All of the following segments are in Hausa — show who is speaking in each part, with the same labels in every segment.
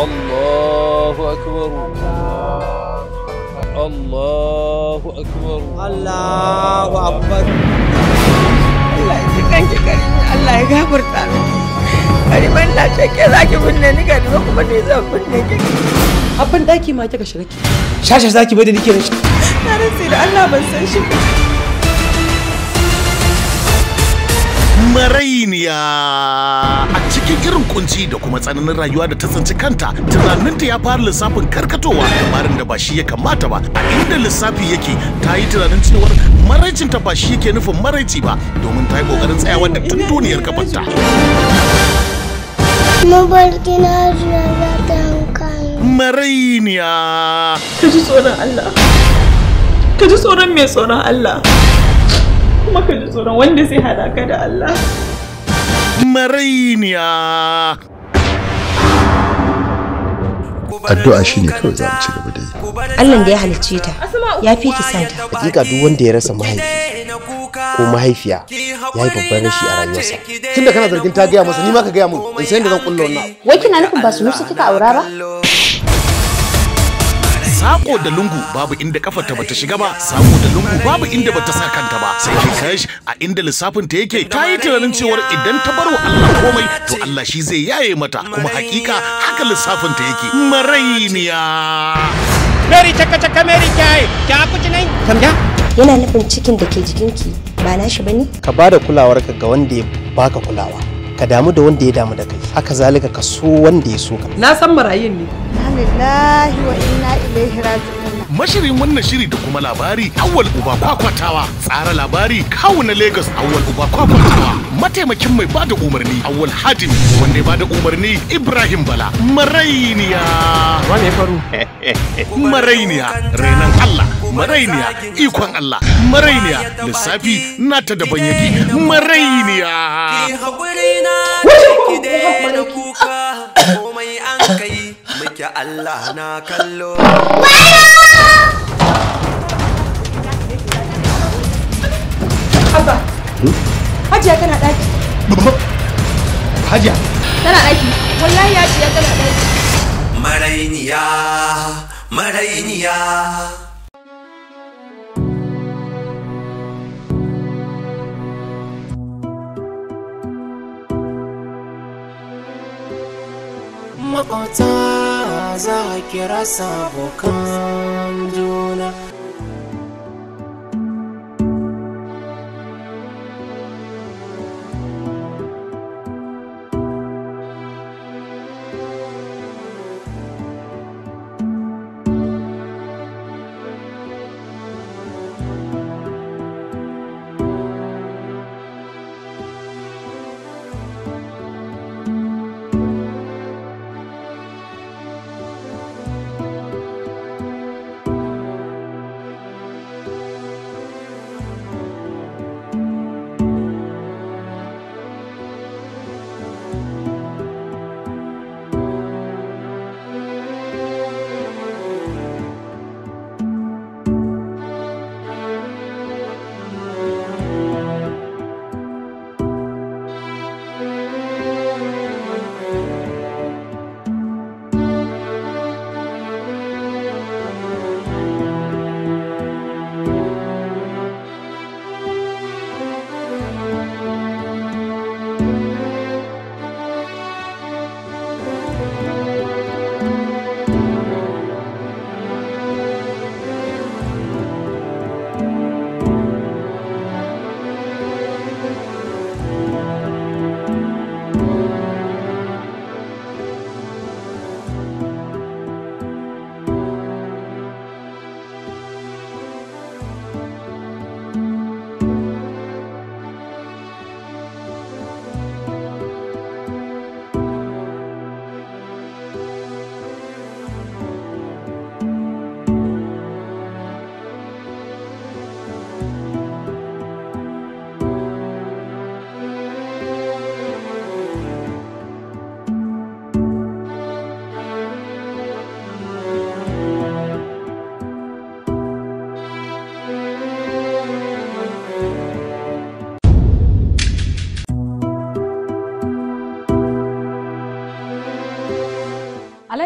Speaker 1: الله أكبر الله أكبر
Speaker 2: da Allah ban san shi ba
Speaker 3: marainiya a cikin irin kunci da kuma tsananin rayuwa da ta tsinci kanta tunaninta ya fara lissafin karkatowa labarin da ba shi ya kamata ba a inda lissafi yake ta yi tunanin cewar maraicinta ba shi yake nufin maraici ba domin ta yi kokarin tsayawa da tun duniyar kafanta.
Speaker 4: Mabarkina ta
Speaker 3: Marainiya. Ka ji tsoron Allah. Ka ji tsoron mai tsoron Allah.
Speaker 4: kuma ka ji tsoron wanda zai hada ka da
Speaker 5: Allah.
Speaker 3: Mariniya!
Speaker 4: Addu'a shi ne kawai za mu ci gaba da
Speaker 5: yi. Allah da ya halicce ta ya fi ki santa.
Speaker 4: Hakika duk wanda ya rasa mahaifi ko mahaifiya ya yi babban rashi a rayuwarsa. Tunda kana zargin ta gaya masa ni ma ka gaya mu in san da zan kulla wannan. Wai kina nufin ba su nusa
Speaker 5: kika aura ba?
Speaker 3: sako da lungu babu inda kafar ta bata shiga ba sako da lungu babu inda bata sa kanta ba sai ke kash a inda lissafin ta yake ta yi tunanin cewar idan ta barwa Allah komai to Allah shi zai yaye mata kuma hakika haka lissafin ta yake marainiya
Speaker 2: Mary chaka chaka Mary kai ta
Speaker 5: kuci nan kamda yana nufin cikin da ke jikinki ba nashi bane
Speaker 4: ka bada kulawarka ga wanda ya baka kulawa ka damu da wanda ya damu da kai haka zalika ka so wanda ya so ka
Speaker 5: na san marayin ne alhamdulillah wa inna ilaihi raji'un
Speaker 3: mashirin wannan shiri da kuma labari awwal uba kwakwatawa tsara labari kawu na lagos awwal uba kwakwatawa mataimakin mai bada umarni awwal hadimi wanda ya bada umarni ibrahim bala marainiya wane faru marainiya renan allah marainiya ikon allah marainiya lissafi nata daban yake marainiya
Speaker 1: daina kuka komai an kai muke Allah na kallo.
Speaker 4: Abba,
Speaker 5: Hajiya tana ɗaki. Hajiya? Tana ɗaki, wallahi Hajiya tana ɗaki.
Speaker 1: Marainiya, marainiya. maƙota za a kira sabokan juna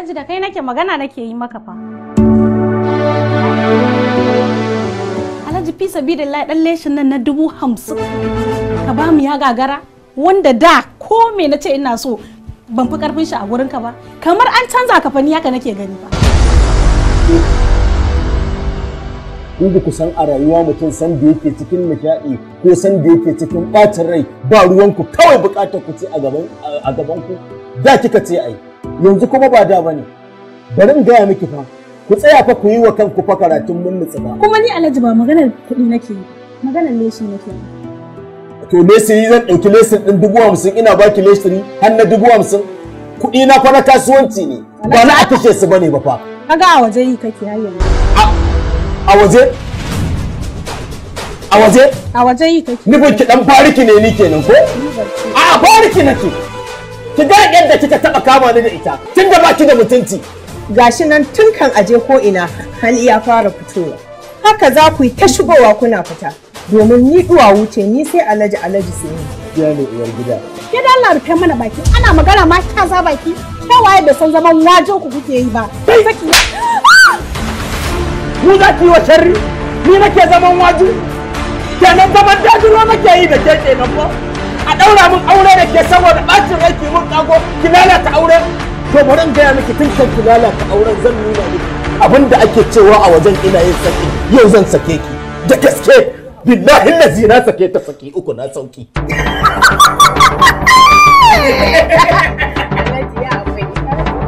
Speaker 5: ji da kai nake magana nake yi maka fa. Alhaji fi sabidillahi dan leshin nan na dubu hamsin ka ba mu ya gagara wanda da ko me na ce ina so ban fi karfin shi a gurin ka ba kamar an canza ka fani haka nake gani ba.
Speaker 4: Kun ku san a rayuwa mutum san da yake cikin nishaɗi ko san da yake cikin ɓacin rai ba ruwanku kawai buƙatar ku ce a gaban ku da kika ce ai. yanzu kuma ba da bane bari in gaya miki fa ku tsaya fa ku yi wa kanku fa karatun mun nutsu ba
Speaker 5: kuma ni alhaji ba maganar kuɗi nake yi maganar leshin nake yi
Speaker 4: to lesiri zan ɗauki lesin ɗin dubu hamsin ina baki lesiri har na dubu hamsin kuɗi na fa na kasuwanci ne ba na a kashe su bane ba fa
Speaker 5: kaga a waje yi kake har yanzu
Speaker 4: a waje a waje
Speaker 5: a waje yi kake
Speaker 4: ban ki dan fariki ne ni kenan ko a fariki nake ki ga yadda kika taba kama ni da ita tun da baki
Speaker 2: da mutunci gashi nan tun kan aje ko ina hali ya fara fitowa haka
Speaker 5: za ku yi ta shigowa kuna fita domin ni duwa wuce ni sai alaji alaji sai
Speaker 4: ni ya ne uwar gida
Speaker 5: ke da Allah rufe mana baki ana magana ma ta za baki waye da san zaman wajen ku kuke yi ba sai saki mu za ki wa sharri
Speaker 4: ni nake zaman waju kenan zaman dajiro nake yi da ke kenan ba daura min aure da ke saboda bacin rai ki mun kago ki lalata aure to bari in gaya miki tun kan ki lalata auren zan nuna miki abin da ake cewa a wajen ina yin saki yau zan sake ki da gaske billahi lazi na sake ta saki uku na sauki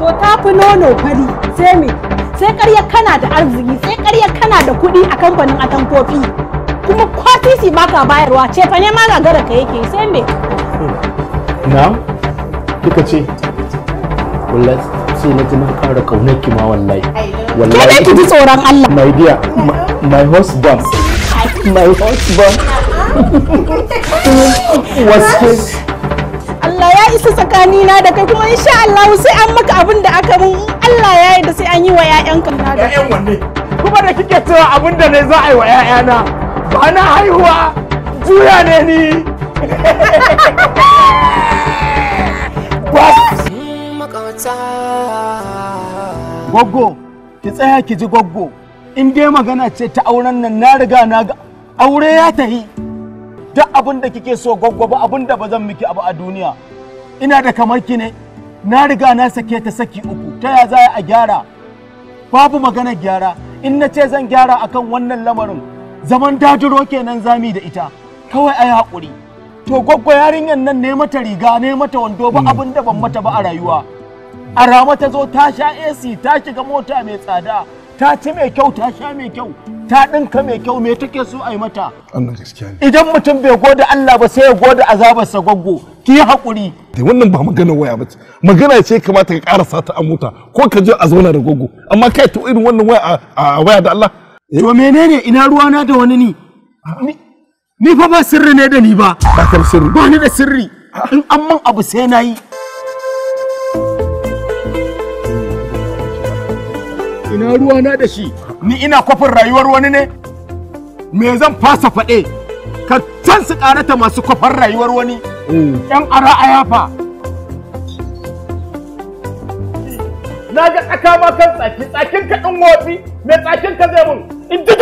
Speaker 5: to ta fi nono fari sai me sai karya kana da arziki sai karya kana da kuɗi a kamfanin atankofi kuma kwatisi baka bayarwa ce fa ne ma gagara ka yake sai me
Speaker 4: na kika ce wallahi sai na ji na ƙara kaunar ki ma wallahi wallahi ki ji tsoron Allah my dear my husband my husband was
Speaker 5: Allah ya isa tsakanina da kai kuma insha Allah sai an maka abin da aka mun Allah ya yi da sai an yi wa ƴaƴanka na da ƴaƴan wanne kuma da kike cewa abin da ne za
Speaker 4: a yi wa ƴaƴana ba na haihuwa juya ne ni goggo ki tsaya ki ji goggo in dai magana ce ta auren nan na riga na ga aure ya ta yi. Duk abin kike so goggo ba abin da ba zan miki abu a duniya. Ina da kamar ki ne, na riga na sake ta saki uku, ta ya zaya a gyara? Babu magana gyara, in na ce zan gyara akan wannan lamarin, zaman dajiro kenan zami da ita, kawai a haƙuri. to gwaggwa yarinyan nan ne mata riga ne mata wando ba hmm. abin da ban mata ba a rayuwa a rama ta zo ta sha AC ta shiga mota mai tsada ta ci mai kyau ta sha mai kyau ta ɗinka mai kyau me take so a yi mata idan mutum bai gode Allah ba sai ya gode azabarsa gwaggo ki yi haƙuri eh, wannan ba magana waya ba magana ce kamata ka ƙarasa ta a mota ko ka je a zauna da gwaggo amma kai to irin wannan waya a waya da Allah to menene ina ruwana da wani ni Ni fa ba sirri ne da ni ba. Ba ka sirri. Ba ni da sirri. In an man abu sai na yi. Ina ruwa na da shi. Ni ina kofin rayuwar wani ne? Me zan fasa faɗe? Ka can su ƙarata masu kofar rayuwar wani. Mm. ‘Yan ara a yafa. Na ga tsaka ma kan tsaki, tsakin ka ɗin wofi, mai tsakin ka zai mun. In ji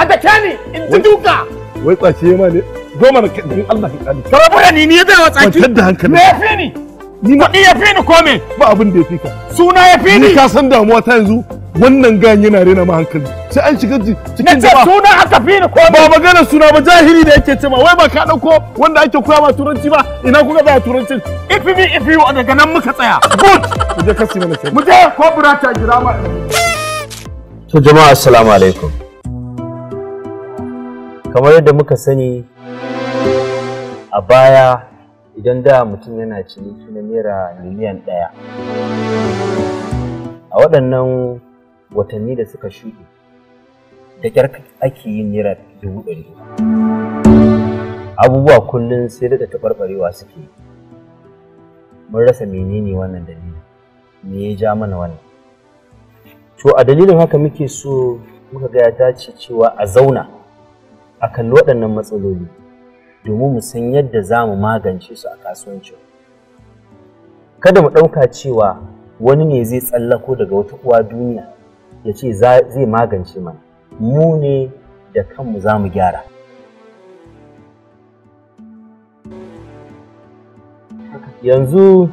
Speaker 4: a da ni, in ji duka. wai tsace ma ne zo mana kaddin Allah ka kani ka rabu da ni ni zai wa tsaki kwantar da hankali me fi ni ni ma ya fi ni ko me ba abin da fi ka suna ya fi ni ka san damuwa ta yanzu wannan gan yana rena ma hankali sai an shiga cikin jama'a suna aka fi ni ko me ba magana suna ba jahili da yake cewa wai ba ka dauko wanda ake koya ma turanci ba ina kuka ba turancin if me if you daga nan muka tsaya good mu je kasi mana mu je ko burata jira ma
Speaker 1: to jama'a assalamu alaikum kamar yadda muka sani a baya idan da mutum yana ciniki na naira miliyan ɗaya a waɗannan watanni da suka shuɗe da ƙyar ake yin naira dubu ɗari abubuwa kullum sai daga taɓarɓarewa suke mun rasa menene wannan dalili me ya ja mana wannan to a dalilin haka muke so muka gaya ta ce cewa a zauna a kalli waɗannan matsaloli domin mu san yadda za mu magance su a kasuwancin kada mu ɗauka cewa wani ne zai tsallako daga wata uwa duniya ya ce zai magance mana mu ne da kanmu za mu gyara yanzu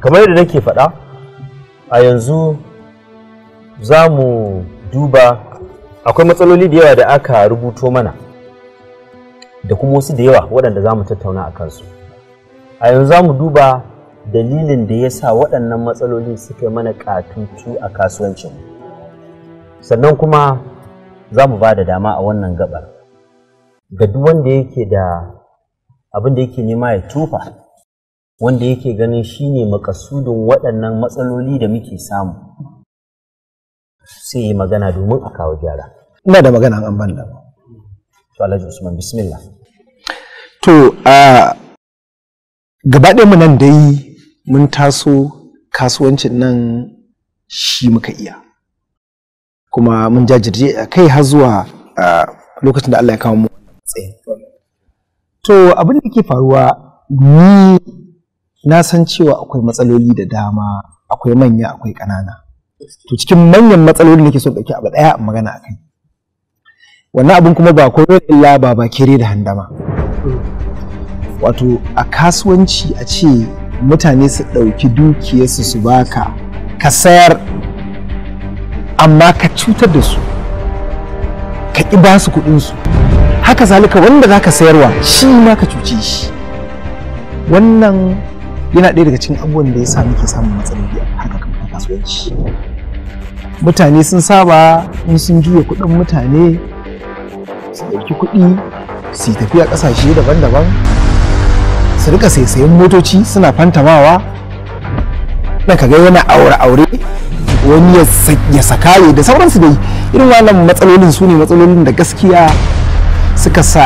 Speaker 1: kamar yadda nake faɗa a yanzu za mu duba akwai matsaloli da yawa da aka rubuto mana da kuma wasu da yawa waɗanda za mu tattauna a kansu a yanzu za mu duba dalilin da ya sa waɗannan matsaloli suka mana katutu a kasuwancinmu sannan kuma za mu ba da dama a wannan gabar ga duk wanda yake da abin da yake nema ya tufa wanda yake ganin shine makasudin waɗannan matsaloli da muke samu sai yi magana domin a kawo gyara ina da magana an ban da to Alhaji Usman bismillah to a mu nan dai mun
Speaker 4: taso kasuwancin nan shi muka iya kuma mun jajirje a kai har zuwa lokacin da Allah ya kawo mu tsaye to abin da ke faruwa ni na san cewa akwai matsaloli da dama akwai manya akwai ƙanana to cikin manyan matsaloli da ke so ɗauki abu ɗaya magana a kai wannan abin kuma ba komai illa ba ba kere da handama wato a kasuwanci a ce mutane su ɗauki dukiyarsu su baka ka sayar amma ka cutar da su ka ƙi ba su kuɗinsu haka zalika wanda zaka sayarwa shi ma ka cuce shi wannan yana ɗaya daga cikin abubuwan da ya sa muke samun matsaloli a haka kan kasuwanci mutane sun saba in sun juya kuɗin mutane su ɗauki kuɗi su tafiya ƙasashe daban-daban su rika saisayen motoci suna fantamawa na kaga yana aure-aure wani ya sakaye da sauransu dai irin wannan matsalolin su ne matsalolin da gaskiya suka sa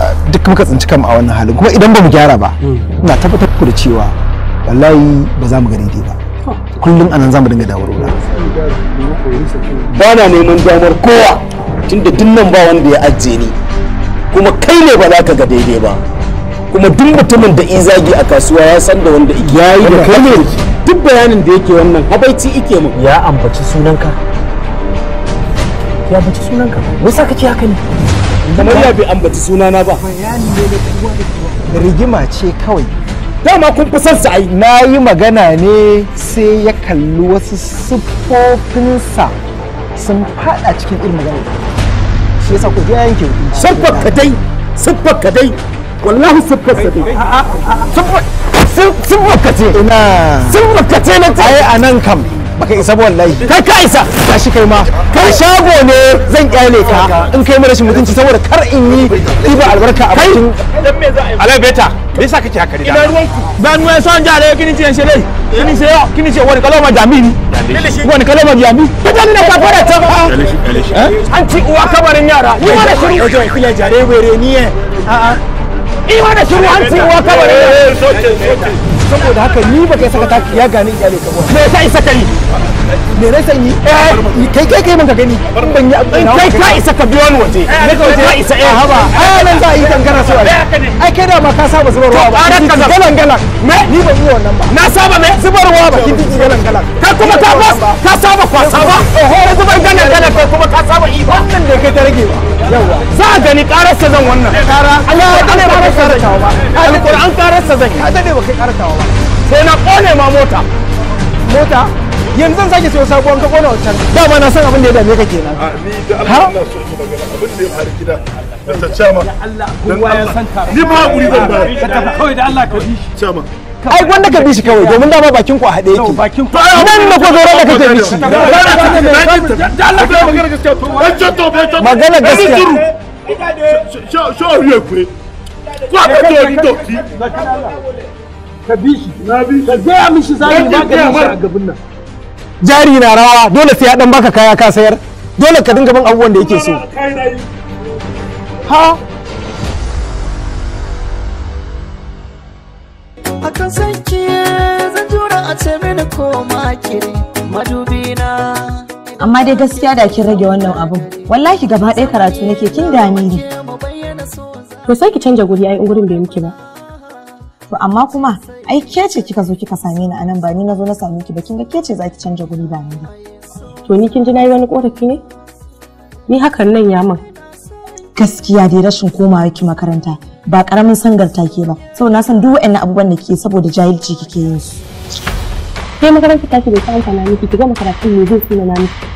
Speaker 4: eh, duk muka tsinci kama a wannan halin kuma idan ba mu gyara ba hmm. ina tabbatar ku da cewa wallahi ba za mu gani dai ba kullum anan za mu dinga dawo rura ba na neman damar kowa tunda nan ba wanda ya ajiye ni kuma kai ne ba za ka ga daidai ba kuma duk mutumin da izagi a kasuwa ya san da wanda ike yayi da kai ne duk bayanin da yake wannan habaici ike mu ya ambaci sunanka ya ambaci sunanka me yasa kake haka ne kamar ya bai ambaci sunana ba na ba. rigima ce kawai dama kun fi son ai na yi magana ne sai ya kalli wasu siffofinsa sun fada cikin irin magana shi yasa ku ga yanke hukunci siffar ka dai siffar ka dai wallahi siffar sa dai siffar ka ce ina siffar ka ce na ta ai anan kam baka isa wallahi kai ka isa ka shi kai ma ka shago ne zan kyale ka in kai mu rashin mutunci saboda kar in yi ɗiba albarka a cikin dan me za a yi alai beta me yasa kake haka da ina ruwanku ku ba nuwa son ja da kini ce shele kini ce yo kini ce wani kaloma ni wani kaloma jami ka dan ne ka fara ta eh? an ci uwa kabarin yara ni ma da shiru kila jare were ni eh a'a ni ma da shiru an ci uwa kabarin yara
Speaker 3: eh, eh,
Speaker 4: saboda haka ni ba kai saka taki ya gane ne ka ba me yasa isa ni me na sanyi eh, kai kai kai mun gani ban yi abin kai ka isa ka biyo ni waje ne eh, ka waje isa eh haba ai eh, nan za a yi kankara su ai kai da ma ka saba zubar ba galan galan me ni ban ba na saba me zubar ba ki kin ji galan galan ka kuma ka bas ka saba kwasa ba oho zubar galan galan kuma ka saba yi wannan da kai ta rage ba yawa za a gani kararsa zan wannan kara Allah ya kare ba kararsa ba alquran kararsa zan ka dade ba kai ba sai na kone ma mota mota yanzu zan sake sayo sabuwar ka kona wancan dama na san abin da ya dame ka kenan a ni da Allah so ki magana abin da ya faru gida da chama Allah ni ma hakuri zan ba ka tafi kawai da Allah ka bi shi chama ai wanda ka bi shi kawai domin dama bakin ku a haɗe yake nan na ko zoro da kake bi shi da magana gaskiya to wancan to bai magana gaskiya sho riye kure
Speaker 1: ko ka to to ki
Speaker 4: ka bi shi na bi ka ga mishi zai magana a gabin nan jari na rawa dole sai ya dan baka kaya ka sayar dole ka dinga bin abubuwan da yake so ha
Speaker 1: akan sanki zan jura a ce mini ko makiri madubi na
Speaker 5: amma dai gaskiya da kin rage wannan abun wallahi gaba ɗaya karatu nake kin dame ne sai ki canja guri ai gurin bai miki ba to amma kuma ai ke ce kika zo kika same ni anan ba ni na zo na same ki ba kin ga ke ce zaki canja guri ba ni to ni kin ji nayi wani korafi ne ni hakan nan ya min gaskiya dai rashin komawa ki makaranta ba karamin sangarta ke ba sau na san duk waɗannan abubuwan da ke saboda jahilci kike yin su ke makarantar ce bai san amfana miki ki gama karatun ne zai tsina na miki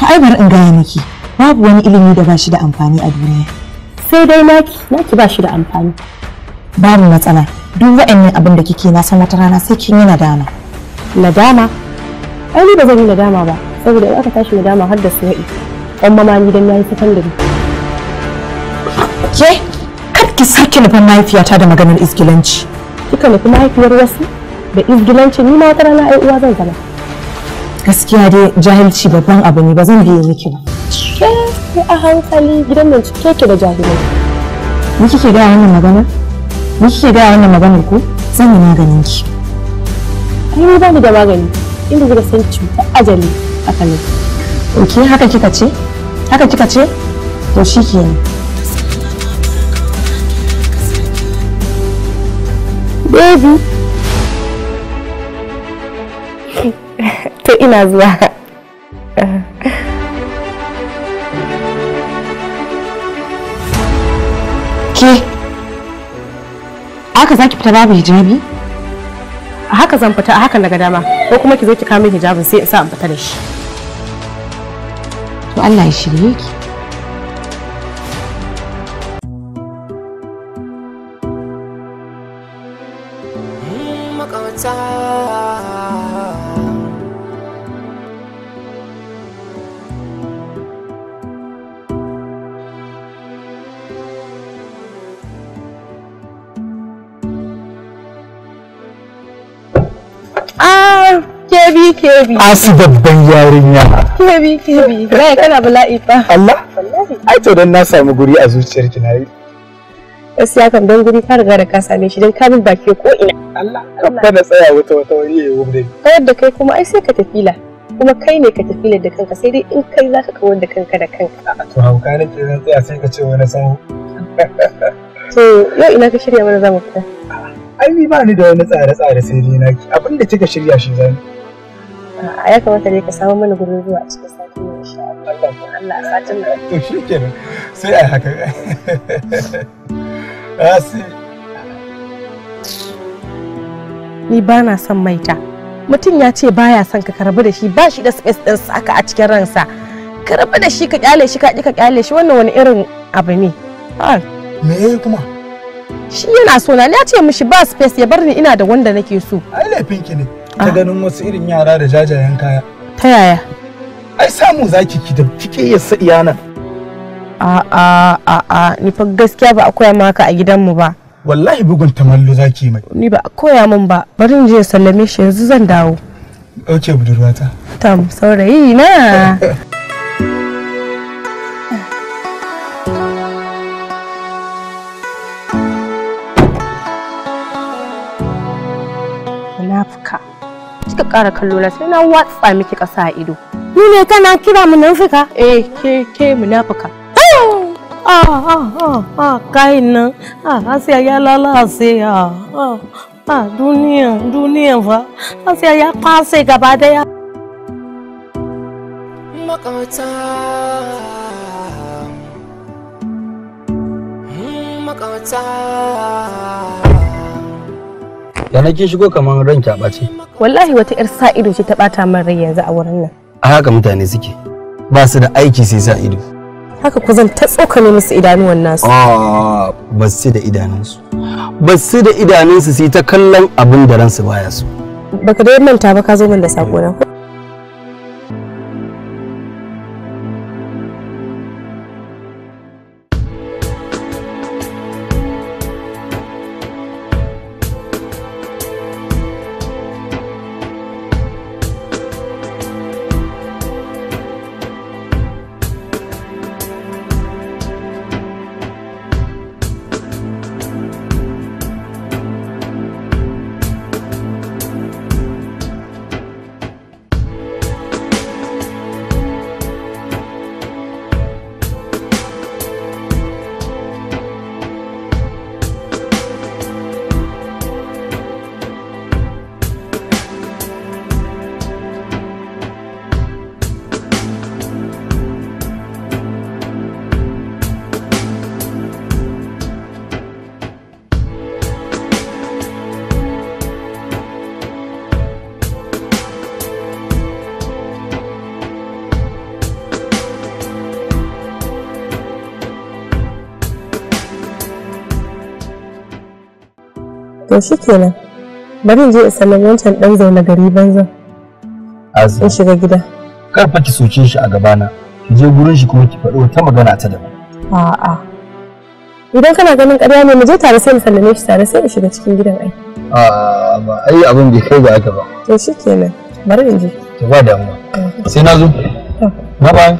Speaker 5: ta ai bari in gaya miki babu wani ilimi da ba shi da amfani a duniya sai dai naki naki ba shi da amfani babu matsala duk wa'annan abin da kike na san wata rana sai kin yi nadama nadama ai ni ba zan yi nadama ba saboda in aka tashi nadama har da suwa'i dan mama ni dan yayi sakandare ke kar ki sake nufin mahaifiyata da maganar iskilanci kika nufi mahaifiyar wasu da izgilanci ni ma wata rana ai uwa zan zama gaskiya dai jahilci babban abu ne ba zan biye miki ba ke a hankali gidan nan cike ke da jahilai ni kike ga wannan magana Mun gaya da wannan maganar ko zan yi maganin ki. Ai ba ni da magani inda kuka san cuta ajali a kanin. Ok haka kika ce? Haka kika ce? To shi ne Baby. to ina zuwa. haka za ki fita babu hijabi a haka zan fita a haka na ga dama ko kuma ki zo ki kawo min hijabin sai in sa in fita da shi to Allah ya shirye ki kebi asu babban yarinya kebi kebi bai kana bala'i fa Allah
Speaker 4: ai to dan na samu guri a zuciyar ki nayi
Speaker 5: ya kan dan guri ka riga da ka same shi dan ka baki ko ina Allah ka na tsaya wata wata wani yayi wuri kawar da kai kuma ai sai ka tafila kuma kai ne ka tafila da kanka sai dai in kai zaka kawo da kanka da kanka
Speaker 4: to hauka nake zan tsaya sai ka ce wani sanu
Speaker 5: to yau ina ka shirya mana zamu fita
Speaker 4: ai ba ni da wani tsare-tsare sai dai naki abinda kika shirya shi zan
Speaker 5: a ya kamata dai ka samu mana gurin zuwa a cikin sati ne insha Allah satin nan
Speaker 4: to shikenan sai a haka asi ah,
Speaker 5: ni ba na son maita mutum ya ce baya son ka karbi da shi ba shi da space din saka a cikin ransa ka rabu da shi ka kyale shi ka ka kyale shi wannan wani irin abu ne me yayi kuma shi yana so na ya ce mishi ba space ya bar ni ina da wanda nake so ai laifin ki ne
Speaker 4: ta ganin wasu irin yara da jajayen kaya ta yaya ai samu zaki ki da kike iya sa iyana
Speaker 5: a a a a ni fa gaskiya ba a koya maka a gidanmu ba wallahi bugun tamallo zaki mai ni ba a koya min ba bari je sallame shi yanzu zan dawo ok budurwata tam saurayi na ƙara kallo na sai na watsa miki kasa a ido ni ne kana kira fuka. eh ke ke munafika ah, ah ah ah ah kai nan ah asiya ya lalace ah ah duniya duniya fa asiya ya fase gaba daya
Speaker 1: makauta hmm, makauta da na kin shigo kamar ran ki ɓace
Speaker 5: wallahi wata yar sa ido ce ta bata min rai yanzu a wurin nan
Speaker 1: a haka mutane suke ba su da aiki sai sa ido
Speaker 5: haka ku zan ta tsokane musu idanuwan nasu
Speaker 1: ah ba su da idanunsu ba su da idanunsu sai ta kallon abin da ransu baya su.
Speaker 5: baka da manta ba ka zo min da sako na
Speaker 1: to shi kenan bari in je in sallan wancan dan zaune gari banzan in shiga gida kar fa ki soke shi a gabana ki je gurin shi kuma ki faɗo ta magana ta
Speaker 5: daban a'a idan kana ganin ƙarya ne mu je tare sai mu sallame shi tare sai in shiga cikin gidan ai
Speaker 1: a'a ba ai abin bai kai ga haka ba
Speaker 5: to shi kenan bari in je
Speaker 1: ki ba damuwa eh. sai na zo bye bye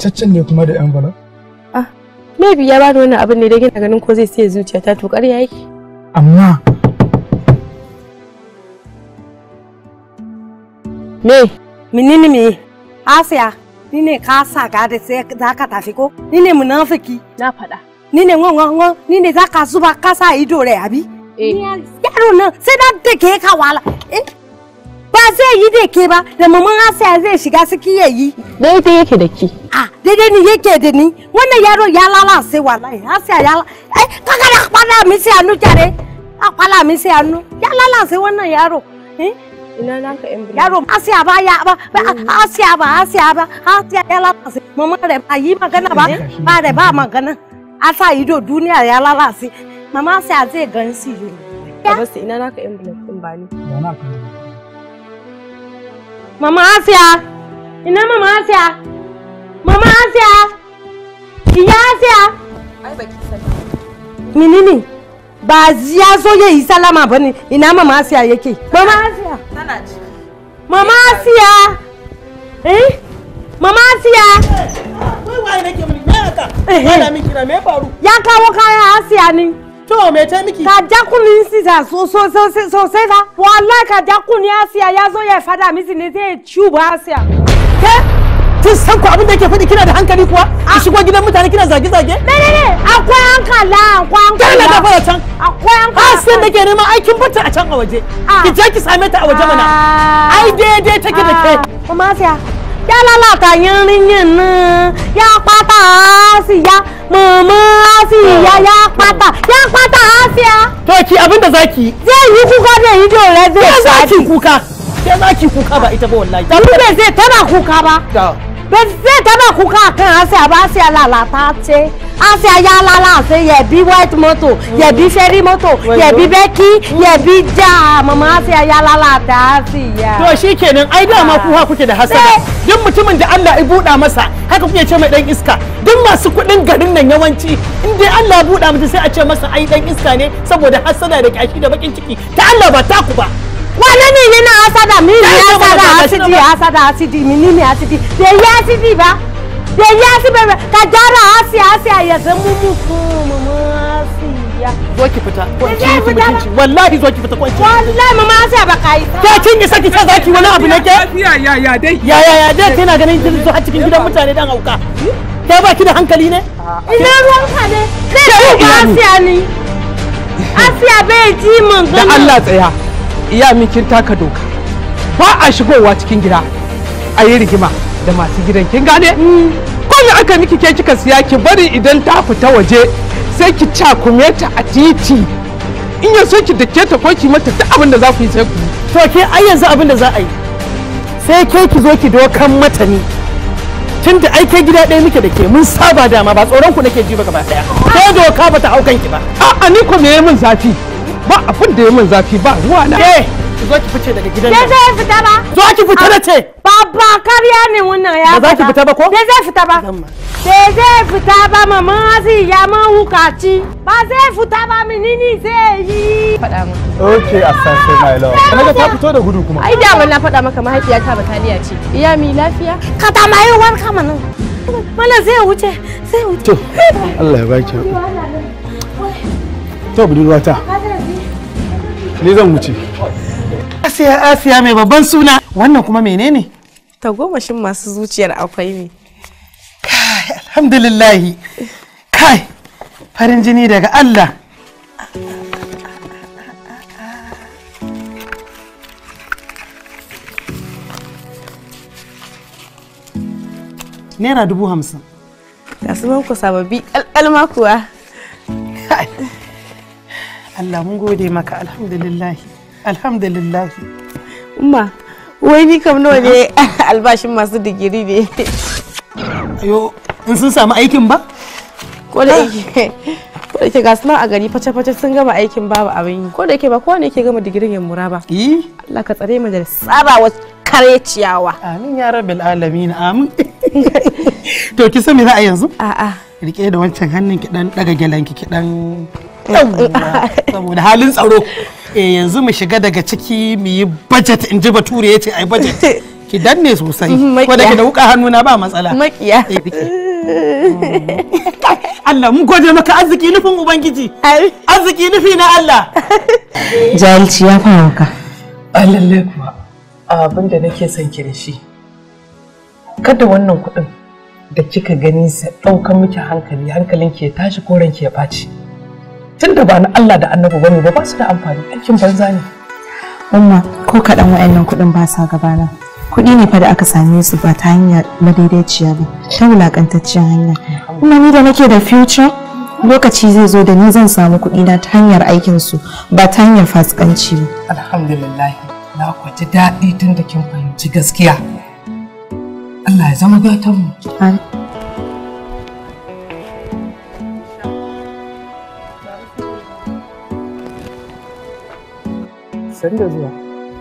Speaker 4: mataccen ne kuma da yan bala
Speaker 5: ah maybe ya bada wannan abin ne da gina ganin ko zai sai zuciya ta to ƙarya yake amma me menene me asiya ni ne ka saka da sai za ka tafi ko ni ne munafiki na faɗa ni ne ngon ngon ni ne za ka zuba kasa ido rai abi eh yaro nan sai na dake ka wala eh ba zai yi da ke ba da mamman asaya zai shiga suke ya yi daidai yake da ke a ah, daidai ni yake da ni wannan yaro ya lalace wallahi asaya ya ai eh, kaga da kwala mi sai hannu jare a kwala mi sai hannu ya lalace wannan yaro eh? ina naka yan bulu yaro asaya ba ya ba asaya ba asaya ba asaya ya lalace mamman da ba yi magana ba ba da ba magana asa ido duniya ya lalace mama asaya zai gan su yi ka basu ina naka yan bulu din ba ni Mama Asia! Ina Mama Asia! Mama Asia! Iya Asia! Ai baki sallama. Menene? Ba ya zo ye yi salama ba ne. Ina Mama Asia yake? Mama Asia! Tana ci. Mama Asia! Eh? Mama Asiya! Ah, wai waye nake mini? Me haka? Eh, eh. Ana mi kira me faru? Ya kawo kaya Asia ne. To me ta miki? Ka so so so sosai fa. Wallahi ka ja kunin Asiya ya zo ya fada misi ne zai cuba Asiya. Ke? kin san ku abin da yake fadi kina da hankali kuwa ki ah. shigo gidan mutane kina zage-zage menene akwai hankala akwai hankala dole da fara can akwai hankala asin ah, da ke neman aikin bata a can a waje ah. ki je ki same ta a waje mana ai daidai take da ke kuma yálálàkà yánrínyànnà yá pátá á sì yá mọ̀mọ́ á sì yá yá pátá yá pátá á sì yá. to ki abinda za ki yi. zai yi kuka da yi jo rẹ zai sadi. ke za ki kuka ke za ki kuka ba ita ba wallahi. Dube zai tana kuka ba. ba zai taba kuka kan asiya ba asiya lalata ce asiya ya lalace yabi white moto yabi ferry moto yabi beki yabi ja mama asiya ya lalata asiya to shikenan ai dama ku ha kuke da hasada duk mutumin da Allah ya buɗa masa haka kuke ce mai dan iska duk masu kuɗin garin
Speaker 4: nan yawanci in dai Allah buɗe buɗa mutum sai a ce masa ai dan iska ne saboda hasada da kyashi da bakin ciki
Speaker 5: ta Allah ba taku ba wane ne ni na asada mi ni asada asidi asada asidi mi ni asidi de yi asidi ba de yi asidi ka jara asi asi a yanzu mu mu mama asiya zo ki fita kwanci mutunci wallahi zo ki fita kwanci wallahi mama asiya ba kai ke kin saki wani abu nake ya ya ya dai ya ganin kin gidan mutane dan hauka ke ki da hankali ne ina ruwan ne asiya ni asiya bai ji mun
Speaker 2: da Allah tsaya iya mikin taka doka ba a shigowa cikin gida a yi rigima da masu gidan kin gane mm. Ko kome aka miki ke kika siya ki bari idan ta fita waje sai ki cakume ta a titi in ya ki dake ta ko ki mata duk abin da za ku yi sai ku to ke ai yanzu abin da za a yi sai ke ki zo
Speaker 4: ki dokan mata ne tun da aike gida ɗaya muke da ke mun saba dama ba tsoron ku nake ji ba gaba daya. ko doka ba ta haukan ki ba a'a ni ko me min zafi ba abin da ya min zafi ba ruwa na eh zo ki fice daga
Speaker 5: gidan nan zai fita ba zo ki fita da ah, ce baba kariya ne wannan ya ba za ki fita ba ko da zai fita ba da zai fita ba mama zai ya ma hukaci ba zai fita ba menene zai yi faɗa mu
Speaker 4: okay assassin my love kaga ta fito da gudu kuma ai da
Speaker 5: wannan faɗa maka mahaifiyata bataliya ce iya mi lafiya ka ta mai wanka mana mana zai wuce zai wuce
Speaker 4: Allah ya baki to budurwata ni zan wuce
Speaker 5: asiya asiya mai babban suna wannan kuma menene tagomashin masu zuciyar akwai ne kai alhamdulillahi kai farin jini daga allah naira dubu hamsin ga su ku sababbi alƙalma kuwa Allah mun gode maka
Speaker 2: alhamdulillah
Speaker 5: alhamdulillah umma wai ni kam nawa ne albashin masu digiri ne Ayo in sun samu aikin ba ko da ah. yake ko da yake gasu a gari face face sun gama aikin babu abin yi ko da yake ba kowa ne yake gama digirin yan mura ba Allah ka tsare mu da tsarawa kare ciyawa amin ya rabbil alamin amin to ki sani me za a yanzu rike da
Speaker 4: wancan hannun ki dan daga ki ki dan saboda halin tsaro eh, yanzu mu shiga daga ciki mu yi budget in ji bature ya ce ai budget ki danne sosai mm-hmm, ko da ki da wuka hannuna ba matsala makiya eh, Allah mun gode maka arziki nufin ubangiji arziki nufi na Allah
Speaker 5: jalci ya fara ka
Speaker 2: ah, lalle kuwa abin da nake son ki da shi kada wannan kuɗin da kika gani sa daukan miki hankali hankalin ki ya tashi ko ranki ya ɓaci tunda ba na Allah da annabi bane ba ba su da amfani aikin
Speaker 5: banza ne umma ko kaɗan wa'annan kuɗin ba sa gabana kuɗi ne fa da aka same su ba ta hanya madaidaiciya ba ta wulaƙantacciyar hanya kuma ni da nake da future lokaci zai zo da ni zan samu kuɗi na ta hanyar aikin su ba ta hanyar
Speaker 2: fasikanci ba alhamdulillah na kwaji daɗi tun da kin fahimci gaskiya Allah ya zama gatan mu san da zuwa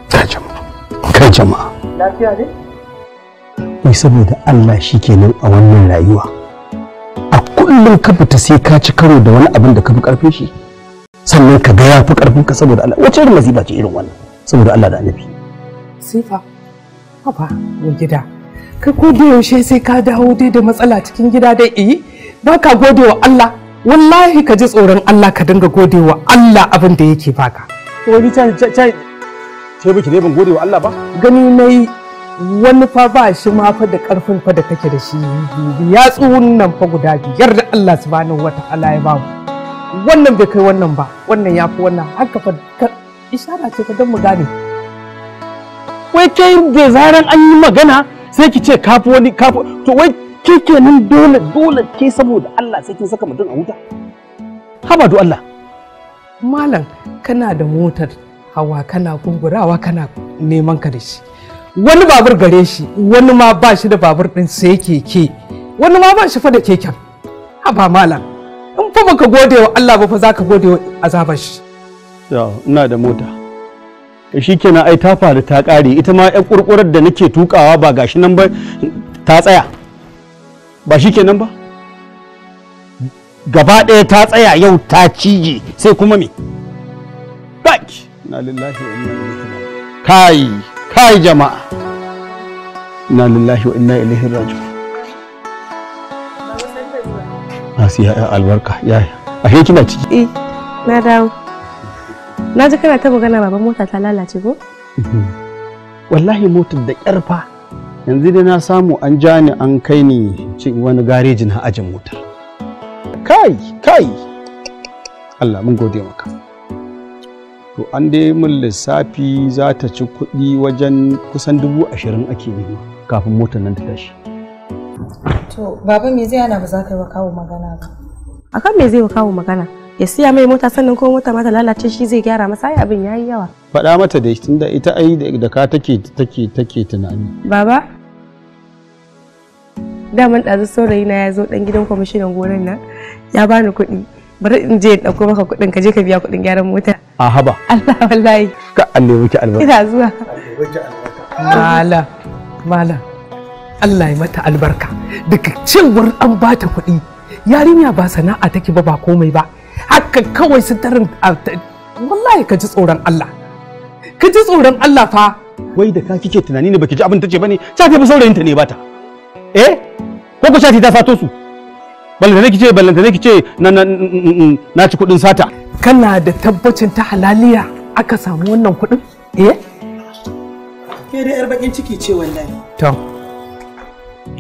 Speaker 2: ta
Speaker 1: jama'a kai jama'a lafiya ne ni saboda Allah shi kenan a wannan rayuwa a kullum ka
Speaker 4: fita sai ka ci karo da wani abin da ka fi karfin shi sannan ka ga ya fi karfin ka saboda Allah wace irin masifa ce irin wannan saboda Allah da annabi
Speaker 2: sifa haba mun gida kai ko da yaushe sai ka dawo dai da matsala cikin gida dai eh ba ka gode wa Allah wallahi ka ji tsoron Allah ka dinga gode wa Allah abin da yake baka wani can can ce biki ne ban gode wa Allah ba gani nayi wani fa ba shi ma fa da karfin fa da kake da shi ya tsuhun nan fa guda biyar da Allah subhanahu wata'ala ya ba mu wannan bai kai wannan ba wannan ya fi wannan haka fa isara ce ka don mu gane
Speaker 4: wai kai da zaran an yi magana sai ki ce kafu wani kafi to wai ke kenan dole dole ke saboda Allah sai kin saka mutum a wuta haba do Allah
Speaker 2: malam kana da motar hawa kana gungurawa kana neman ka da shi wani babur gare shi wani ma ba shi da babur din sai keke wani ma ba shi fa da keken haba malam
Speaker 4: in fa baka gode wa Allah ba fa zaka gode wa azabar shi ya ina da mota shi kenan ai ta faru ta kare ita ma yan kurkurar da nake tukawa ba gashi nan ba ta tsaya ba shi kenan ba gaba ɗaya ta tsaya yau ta cije sai kuma me baki na lillahi wa inna ilaihi kai kai jama'a na lillahi wa inna ilaihi raji'un nasu ya albarka ya ashe kina ciki
Speaker 5: eh na dawo na ji kana ta magana baban mota ta lalace ko mhm. wallahi motar da kyarfa
Speaker 4: yanzu dai na samu an ja ni an kai ni cin wani garejin na ajin motar kai kai Allah mun gode maka to an dai mun lissafi za ta ci kuɗi wajen kusan dubu ashirin ake nema
Speaker 1: kafin motar nan ta tashi
Speaker 5: to baba me zai yana ba za ka yi wa kawo magana ba akan me zai wa kawo magana ya siya mai mota sannan ko mota mata lalace shi zai gyara masa ai abin yayi yawa
Speaker 4: faɗa mata dai tunda ita ai da ka take take take tunani
Speaker 5: baba daman ɗazu saurayi na ya zo ɗan gidan kwamishinan gonan nan ya bani kuɗi bari in je in ɗauko maka kuɗin ka je ka biya kuɗin gyaran mota a haba Allah wallahi
Speaker 4: ka Allah miki albarka ina
Speaker 5: zuwa mala mala
Speaker 2: Allah ya mata albarka daga cewar an bata kuɗi yarinya ba
Speaker 4: sana'a take ba ba komai ba haka kawai su tarin wallahi ka ji tsoron Allah ka ji tsoron Allah fa wai da ka kike tunani ne baki ji abin ce bane ta fi saurayin ta ne bata eh ko ku shati ta fato su balle ne kice ballanta ne kice na na ci kuɗin sata kana da tabbacin ta
Speaker 2: halaliya aka samu wannan kuɗin
Speaker 4: eh ke da yar bakin ciki ce wallahi to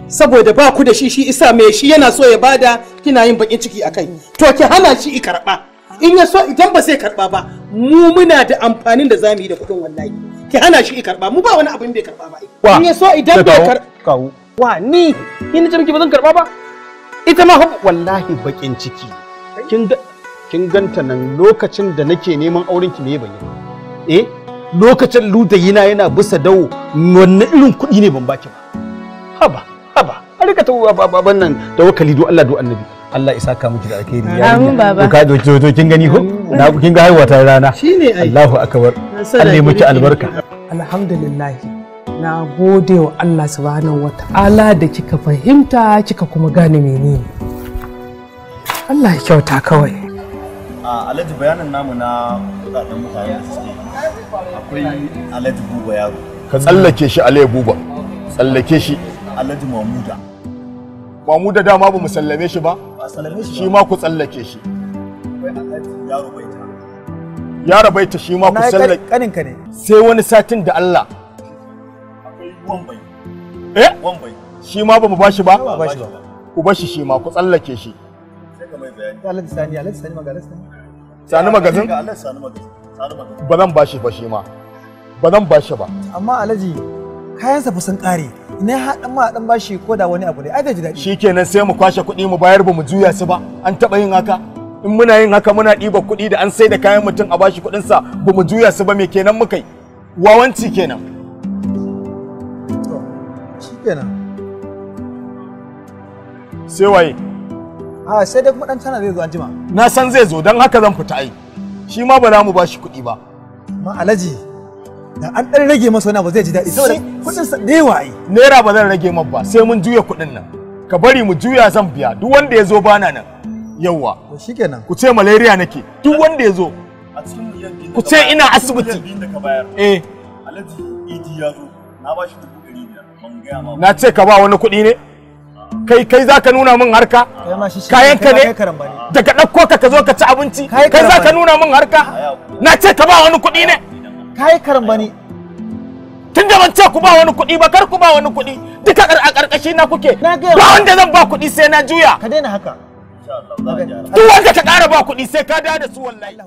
Speaker 4: saboda ba ku da shi shi isa mai shi yana so ya bada kina yin bakin ciki akai to ki hana shi i karba in ya so idan ba sai karba ba mu muna da amfanin da zamu yi da kuɗin wallahi ki hana shi i karba mu ba wani abin bai karba ba in ya so idan bai
Speaker 1: karba
Speaker 4: wa ni Ina ji miki ba zan karba ba ita ma wallahi bakin ciki kin kin ganta nan lokacin da nake neman auren ki me ban yi eh lokacin ludayina yana bisa dawo wannan irin kuɗi ne ban baki ba haba haba a rika ta baban nan da wakali do Allah do annabi Allah isa ka miki da alkhairi ya amin baba ka do to kin gani ko na kin ga haihuwa ta rana shine Allahu akbar Allah ya miki albarka
Speaker 2: alhamdulillah na gode wa Allah subhanahu wa ta'ala da kika fahimta kika kuma gane menene
Speaker 4: Allah ya kyauta kawai a alhaji bayanin namu na kudaden mutane suke akwai alhaji buba yaro ka tsallake shi alhaji buba tsallake shi alhaji mamuda mamuda dama ba mu sallame shi ba shi ma ku tsallake shi yaro baita shi ma ku sallake kaninka ne sai wani satin da Allah wambai eh shi ma bamu bashi ba ba bashi ba ku bashi shi ma ku tsallake shi Sani Alhaji Sani magalas magazin ba zan bashi ba shi ma ba zan bashi ba amma Alhaji kayansa fa sun kare ne haɗin ma ɗan bashi ko da wani abu ne ai ji daɗi shikenan sai mu kwashe kuɗi mu bayar ba mu juya su ba an taɓa yin haka in muna yin haka muna ɗiba kuɗi da an sai da kayan mutum a bashi kuɗinsa ba mu juya su ba me kenan muka yi wawanci kenan shikenan sai waye a sai dai kuma dan tana zai zo an jima na san zai zo don haka zan fita ai shi ma ba za mu ba shi kuɗi ba ma alaji da an ɗan rage masa na ba zai ji daɗi saboda kuɗin sa da yawa ai naira ba zan rage maka ba sai mun juya kuɗin nan ka bari mu juya zan biya duk wanda ya zo bana nan yawwa to shikenan ku ce malaria nake duk wanda ya zo ku ce ina asibiti eh alaji idi ya zo na ba shi dubu na ce ka ba wani kuɗi ne kai kai za ka nuna min harka kayanka ne daga ɗauko ka ka zo ka ci abinci kai za ka nuna min harka na ce ka ba wani kuɗi ne kai karambani tun da ban ce ku ba wani kuɗi ba kar ku ba wani kuɗi duka a ƙarƙashi na kuke ba wanda zan ba kuɗi sai na juya ka daina haka duk wanda ka ƙara ba kuɗi sai ka da su wallahi